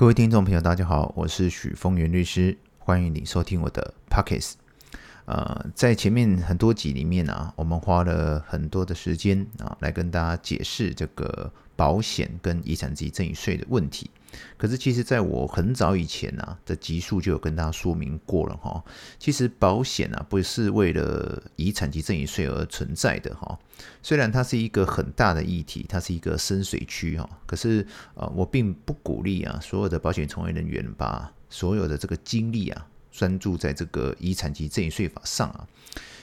各位聽眾朋友，大家好，我是許峰源律師，歡迎你收聽我的 Podcast。呃，在前面很多集裡面啊，我們花了很多的時間啊，來跟大家解釋這個保險跟遺產及贈與稅的問題。可是，其實在我很早以前吶、啊、的集數就有跟大家說明過了哈、哦。其實保險啊，不是為了遺產及贈與稅而存在的哈、哦。雖然它是一個很大的議題，它是一個深水區哈、哦。可是呃，我並不鼓勵啊所有的保險從業人員把所有的這個精力啊，專注在這個遺產及贈與稅法上啊，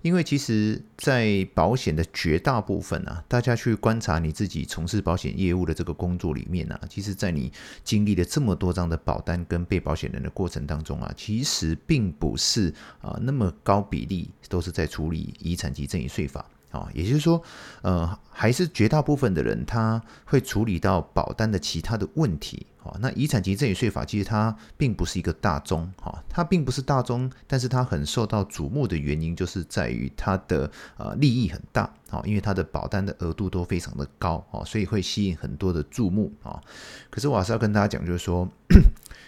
因為其實，在保險的絕大部分啊，大家去觀察你自己從事保險業務的這個工作裡面啊，其實，在你經歷了這麼多張的保單跟被保險人的過程當中啊，其實並不是啊那麼高比例都是在處理遺產及贈與稅法。啊，也就是說，呃，還是絕大部分的人他會處理到保單的其他的問題。好、哦，那遺產及贈與稅法其實它並不是一個大宗，哈、哦，它並不是大宗，但是它很受到矚目的原因就是在於它的呃利益很大，好、哦，因為它的保單的額度都非常的高，哦，所以會吸引很多的注目，啊、哦。可是我還是要跟大家講，就是說，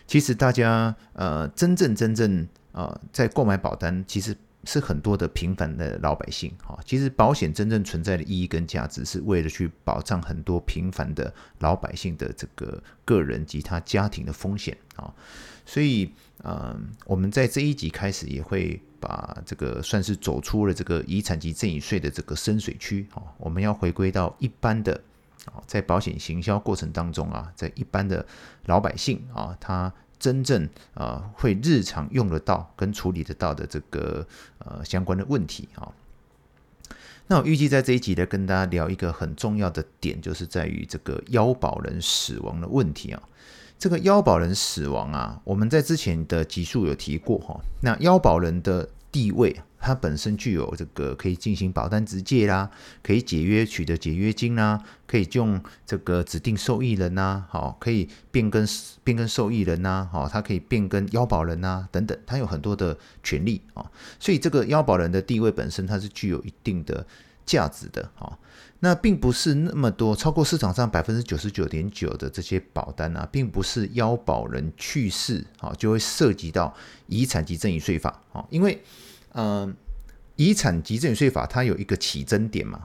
其實大家呃，真正真正啊、呃，在購買保單，其實。是很多的平凡的老百姓哈，其實保險真正存在的意義跟價值，是為了去保障很多平凡的老百姓的這個個人及他家庭的風險啊，所以嗯、呃，我們在這一集開始也會把這個算是走出了這個遺產及贈與稅的這個深水區哈，我們要回歸到一般的啊，在保險行銷過程當中啊，在一般的老百姓啊，他。真正啊、呃、會日常用得到跟處理得到的這個呃相關的問題啊、哦，那我預計在這一集呢，跟大家聊一個很重要的點，就是在於這個要保人死亡的問題啊、哦。這個要保人死亡啊，我們在之前的集數有提過哈、哦。那要保人的地位。它本身具有這個可以進行保單質借啦，可以解約取得解約金啦，可以用這個指定受益人吶、啊，好、哦，可以變更變更受益人吶、啊，好、哦，它可以變更要保人吶、啊、等等，它有很多的權利啊、哦，所以這個要保人的地位本身它是具有一定的價值的啊、哦，那並不是那麼多超過市場上百分之九十九點九的這些保單啦、啊，並不是要保人去世啊、哦、就會涉及到遺產及贈與稅法啊、哦，因為。嗯，遺產及贈與稅法它有一個起徵點嘛。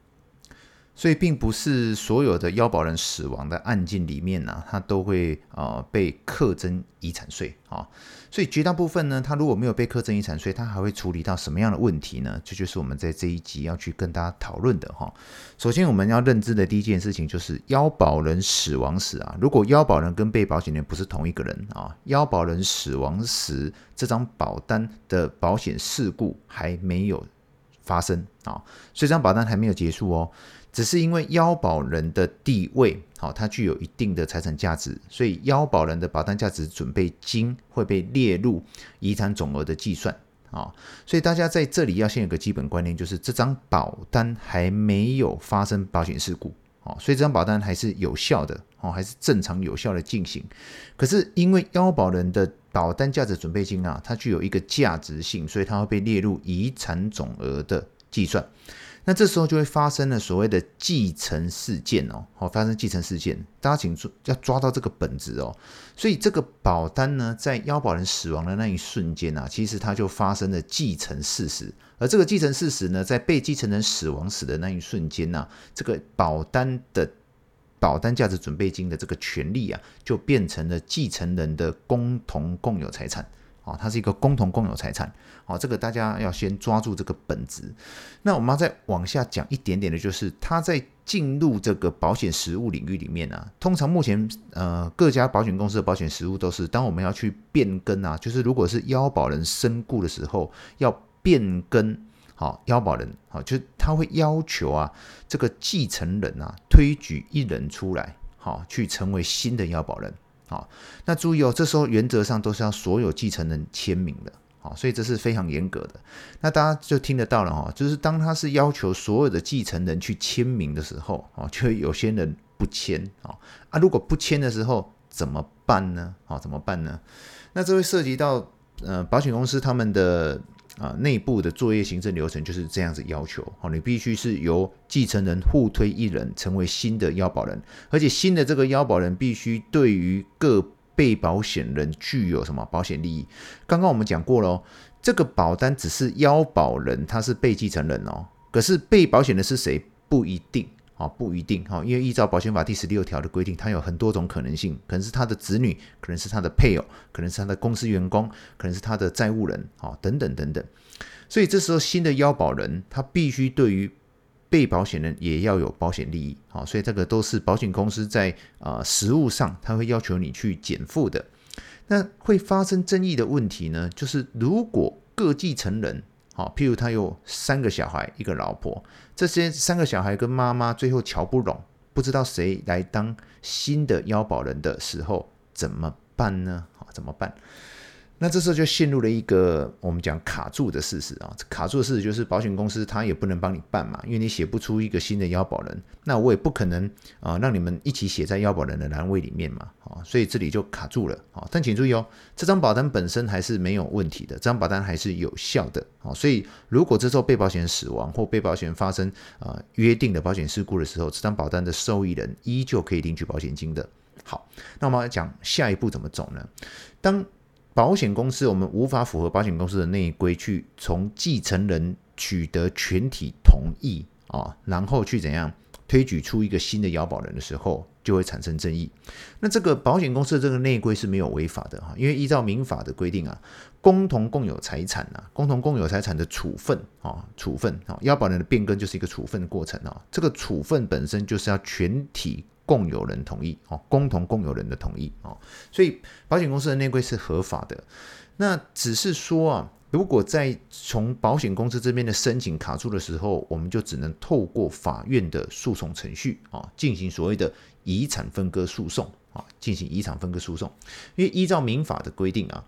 所以，並不是所有的要保人死亡的案件裡面呢、啊，它都會啊、呃、被課徵遺產稅啊、哦。所以，絕大部分呢，它如果沒有被課徵遺產稅，它還會處理到什麼樣的問題呢？這就，就是我們在這一集要去跟大家討論的哈、哦。首先，我們要認知的第一件事情就是，要保人死亡時啊，如果要保人跟被保險人不是同一個人啊、哦，要保人死亡時，這張保單的保險事故還沒有發生啊、哦，所以，這張保單還沒有結束哦。只是因為要保人的地位好，它具有一定的財產價值，所以要保人的保單價值準備金會被列入遺產總額的計算啊。所以大家在這裡要先有個基本觀念，就是這張保單還沒有發生保險事故，所以這張保單還是有效的啊，還是正常有效的進行。可是因為要保人的保單價值準備金啊，它具有一個價值性，所以它會被列入遺產總額的計算。那這時候就會發生了所謂的繼承事件哦，好、哦，發生繼承事件，大家請注意，要抓到這個本質哦。所以這個保單呢，在要保人死亡的那一瞬間啊，其實它就發生了繼承事實。而這個繼承事實呢，在被繼承人死亡死的那一瞬間呢、啊，這個保單的保單價值準備金的這個權利啊，就變成了繼承人的共同共有財產。哦，它是一個公同共有財產。好，這個大家要先抓住這個本質。那我們要再往下講一點點的，就是它在進入這個保險實務領域裡面啊，通常目前呃各家保險公司的保險實務都是，當我們要去變更啊，就是如果是要保人身故的時候要變更，好要保人，好、哦、就他會要求啊這個繼承人啊推舉一人出來，好、哦、去成為新的要保人。好，那注意哦，這時候原則上都是要所有繼承人簽名的，好，所以這是非常嚴格的。那大家就聽得到了哈，就是當他是要求所有的繼承人去簽名的時候，哦，就會有些人不簽，啊啊，如果不簽的時候怎麼辦呢？啊，怎麼辦呢？那這會涉及到，呃，保險公司他們的。啊，內部的作業行政流程就是這樣子要求哦，你必須是由繼承人互推一人成為新的要保人，而且新的這個要保人必須對於各被保險人具有什麼保險利益。剛剛我們講過了哦，這個保單只是要保人他是被繼承人哦，可是被保險人是誰不一定。啊，不一定哈，因為依照保險法第十六條的規定，它有很多種可能性，可能是他的子女，可能是他的配偶，可能是他的公司員工，可能是他的債務人，啊，等等等等。所以這時候新的要保人，他必須對於被保險人也要有保險利益，啊，所以這個都是保險公司在啊、呃、實務上，他會要求你去減負的。那會發生爭議的問題呢，就是如果各繼承人。好，譬如他有三個小孩，一個老婆，這些三個小孩跟媽媽最後喬不攏，不知道誰來當新的要保人的時候怎麼辦呢？怎麼辦？那這時候就陷入了一個我們講卡住的事實啊、哦，卡住的事實就是保險公司它也不能幫你辦嘛，因為你寫不出一個新的要保人，那我也不可能啊、呃、讓你們一起寫在要保人的欄位裡面嘛啊、哦，所以這裡就卡住了啊、哦。但請注意哦，這張保單本身還是沒有問題的，這張保單還是有效的啊、哦，所以如果這時候被保險人死亡或被保險發生啊、呃、約定的保險事故的時候，這張保單的受益人依舊可以領取保險金的。好，那我們講下一步怎麼走呢？當保險公司，我們無法符合保險公司的內規去從繼承人取得全體同意啊，然後去怎樣推舉出一個新的要保人的時候，就會產生爭議。那這個保險公司的這個內規是沒有違法的哈，因為依照民法的規定啊，共同共有財產啊，共同共有財產的處分啊，處分啊，要保人的變更就是一個處分的過程啊，這個處分本身就是要全體。共有人同意哦，共同共有人的同意哦，所以保險公司的內規是合法的。那只是說啊，如果在從保險公司這邊的申請卡住的時候，我們就只能透過法院的訴訟程序啊，進行所謂的遺產分割訴訟啊，進行遺產分割訴訟。因為依照民法的規定啊，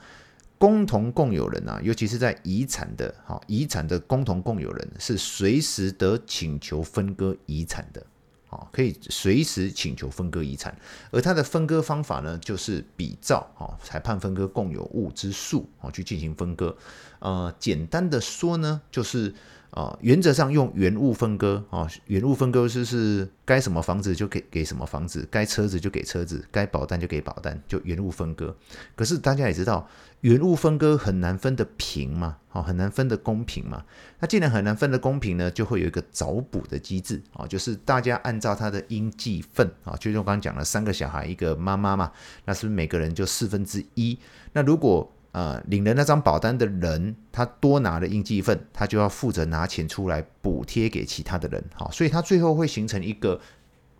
共同共有人啊，尤其是在遺產的哈，遺產的共同共有人是隨時得請求分割遺產的。啊，可以隨時請求分割遺產，而它的分割方法呢，就是比照啊，裁判分割共有物之訴啊，去進行分割。呃，簡單的說呢，就是。哦，原則上用原物分割哦，原物分割就是該什麼房子就給給什麼房子，該車子就給車子，該保單就給保單，就原物分割。可是大家也知道，原物分割很難分得平嘛，哦，很難分得公平嘛。那既然很難分得公平呢，就會有一個找補的機制哦，就是大家按照他的應繼分啊，哦，就像我剛剛講了，三個小孩一個媽媽嘛，那是不是每個人就四分之一？那如果呃，領了那張保單的人，他多拿了應繼分，他就要負責拿錢出來補貼給其他的人，好、哦，所以他最後會形成一個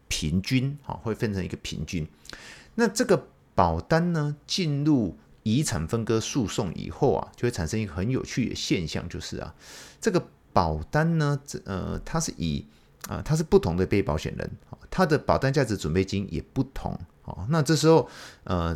平均，好、哦，會分成一個平均。那這個保單呢，進入遺產分割訴訟以後啊，就會產生一個很有趣的現象，就是啊，這個保單呢，呃，它是以啊、呃，它是不同的被保險人，他、哦、的保單價值準備金也不同，哦、那這時候，呃。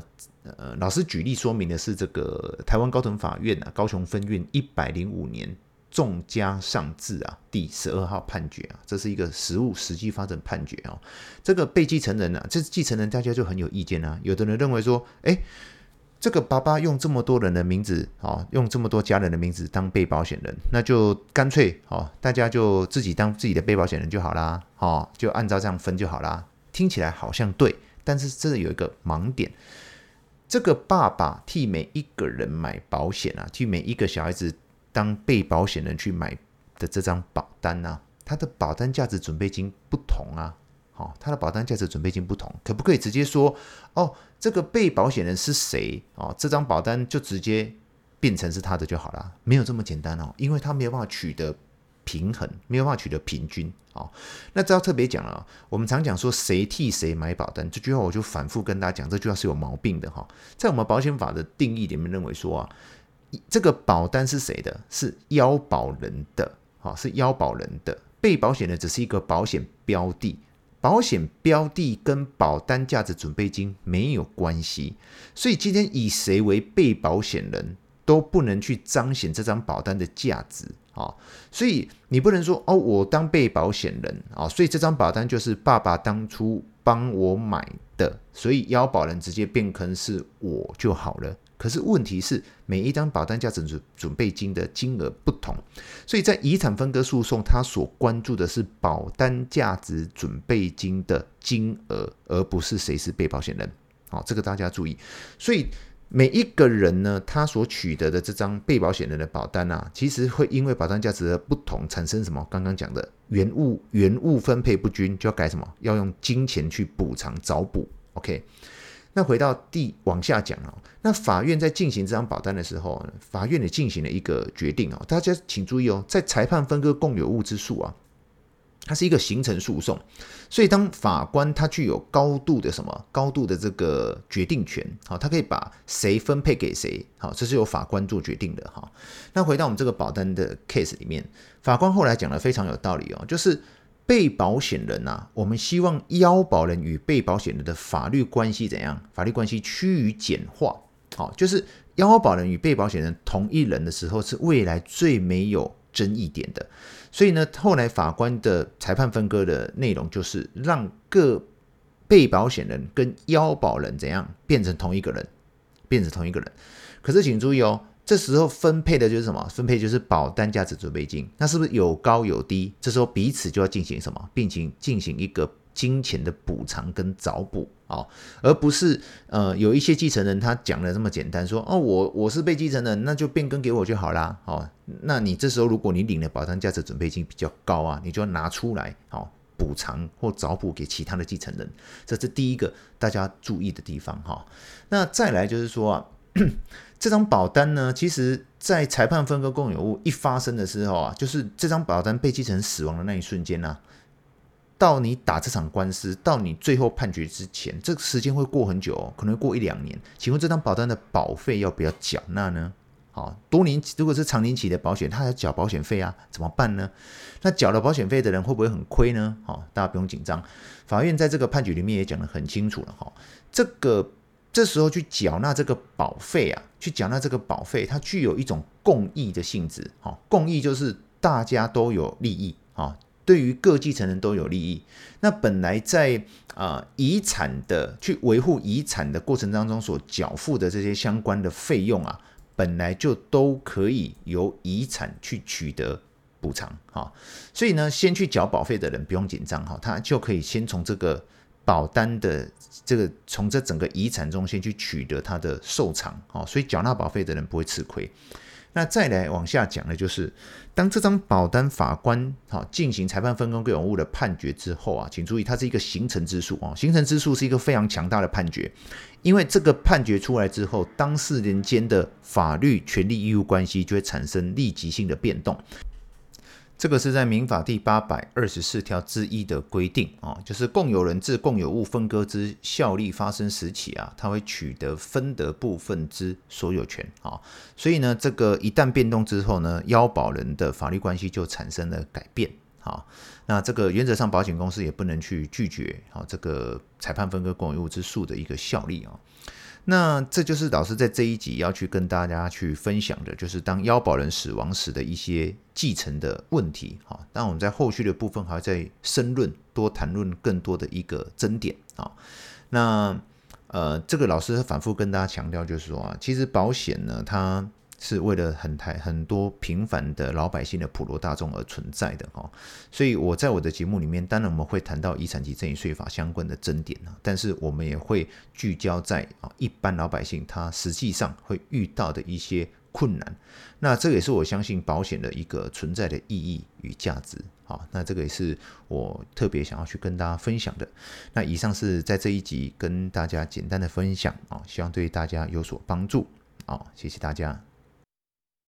呃，老師舉例說明的是這個台灣高等法院啊，高雄分院一百零五年重家上字啊第十二號判決啊，這是一個實務實際發生判決啊。這個被繼承人啊，這繼承人，大家就很有意見啊，有的人認為說，誒，這個爸爸用這麼多人的名字啊、哦，用這麼多家人的名字當被保險人，那就干脆哦，大家就自己當自己的被保險人就好啦，哦，就按照這樣分就好啦。聽起來好像對，但是真的有一個盲點。這個爸爸替每一個人買保險啊，替每一個小孩子當被保險人去買的這張保單啊，他的保單價值準備金不同啊，他的保單價值準備金不同，可不可以直接說，哦，這個被保險人是誰？哦，這張保單就直接變成是他的就好了。沒有這麼簡單哦，因為他沒有辦法取得平衡，沒有辦法取得平均。好，那這要特別講了。我們常講說誰替誰買保單這句話，我就反覆跟大家講，這句話是有毛病的哈。在我們保險法的定義裡面，認為說啊，這個保單是誰的？是要保人的，好，是要保人的。被保險的只是一個保險標的，保險標的跟保單價值準備金沒有關係。所以今天以誰為被保險人，都不能去彰顯這張保單的價值。哦、所以你不能說哦，我當被保險人啊、哦，所以這張保單就是爸爸當初幫我買的，所以要保人直接變更是我就好了。可是問題是，每一張保單價值準準備金的金額不同，所以在遺產分割訴訟，他所關注的是保單價值準備金的金額，而不是誰是被保險人。好、哦，這個大家注意。所以。每一個人呢，他所取得的這張被保險人的保單啊，其實會因為保單價值的不同，產生什麼？剛剛講的原物原物分配不均，就要改什麼？要用金錢去補償找補。OK，那回到第往下講哦，那法院在進行這張保單的時候，法院也進行了一個決定啊，大家請注意哦，在裁判分割共有物之數啊。它是一個形成訴訟，所以當法官他具有高度的什麼高度的這個決定權，好，他可以把誰分配給誰，好，這是由法官做決定的哈。那回到我們這個保單的 case 裡面，法官後來講得非常有道理哦，就是被保險人吶、啊，我們希望要保人與被保險人的法律關係怎樣？法律關係趨於簡化，好，就是要保人與被保險人同一人的時候，是未來最沒有。爭議點的，所以呢，後來法官的裁判分割的內容就是讓各被保險人跟要保人怎樣變成同一個人，變成同一個人。可是請注意哦，這時候分配的就是什麼？分配就是保單價值準備金，那是不是有高有低？這時候彼此就要進行什麼？並且進行一個金錢的補償跟找補。好、哦，而不是呃，有一些繼承人他講的這麼簡單，說哦，我我是被繼承人，那就變更給我就好啦！好、哦，那你這時候如果你領了保障價值準備金比較高啊，你就要拿出來，好、哦、補償或找補給其他的繼承人，這是第一個大家注意的地方哈、哦。那再來就是說啊，這張保單呢，其實在裁判分割共有物一發生的時候啊，就是這張保單被繼承死亡的那一瞬間呢、啊。到你打這場官司，到你最後判決之前，這個時間會過很久、哦，可能過一兩年。請問這張保單的保費要不要繳納呢？好、哦，多年如果是長年期的保險，他要繳保險費啊？怎麼辦呢？那繳了保險費的人會不會很虧呢？好、哦，大家不用緊張。法院在這個判決裡面也講得很清楚了哈、哦，這個這時候去繳納這個保費啊，去繳納這個保費，它具有一種共益的性質。哈、哦，共益就是大家都有利益哈。哦對於各繼承人都有利益。那本來在啊、呃、遺產的去維護遺產的過程當中所繳付的這些相關的費用啊，本來就都可以由遺產去取得補償、哦。所以呢，先去繳保費的人不用緊張哈、哦，他就可以先從這個保單的這個從這整個遺產中先去取得他的受償啊、哦。所以繳納保費的人不會吃虧。那再來往下講的就是當這張保單法官、啊、進行裁判分割共有物的判決之後啊，請注意，它是一個形成之訴啊，形成之訴是一個非常強大的判決，因為這個判決出來之後，當事人間的法律權利義務關係就會產生立即性的變動。這個是在民法第八百二十四條之一的規定啊，就是共有人自共有物分割之效力發生時起啊，它會取得分得部分之所有權啊，所以呢，這個一旦變動之後呢，要保人的法律關係就產生了改變啊，那這個原則上保險公司也不能去拒絕啊這個裁判分割共有物之訴的一個效力啊。那這就是老師在這一集要去跟大家去分享的，就是當要保人死亡時的一些繼承的問題哈。當然我們在後續的部分還會再深論，多談論更多的一個爭點啊。那呃，這個老師反復跟大家強調，就是說啊，其實保險呢，它。是為了很台很多平凡的老百姓的普羅大眾而存在的哦，所以我在我的節目裡面，當然我們會談到遺產及贈與稅法相關的爭點啊，但是我們也會聚焦在啊一般老百姓他實際上會遇到的一些困難，那這也是我相信保險的一個存在的意義與價值啊，那這個也是我特別想要去跟大家分享的。那以上是在這一集跟大家簡單的分享啊，希望對大家有所幫助啊，謝謝大家。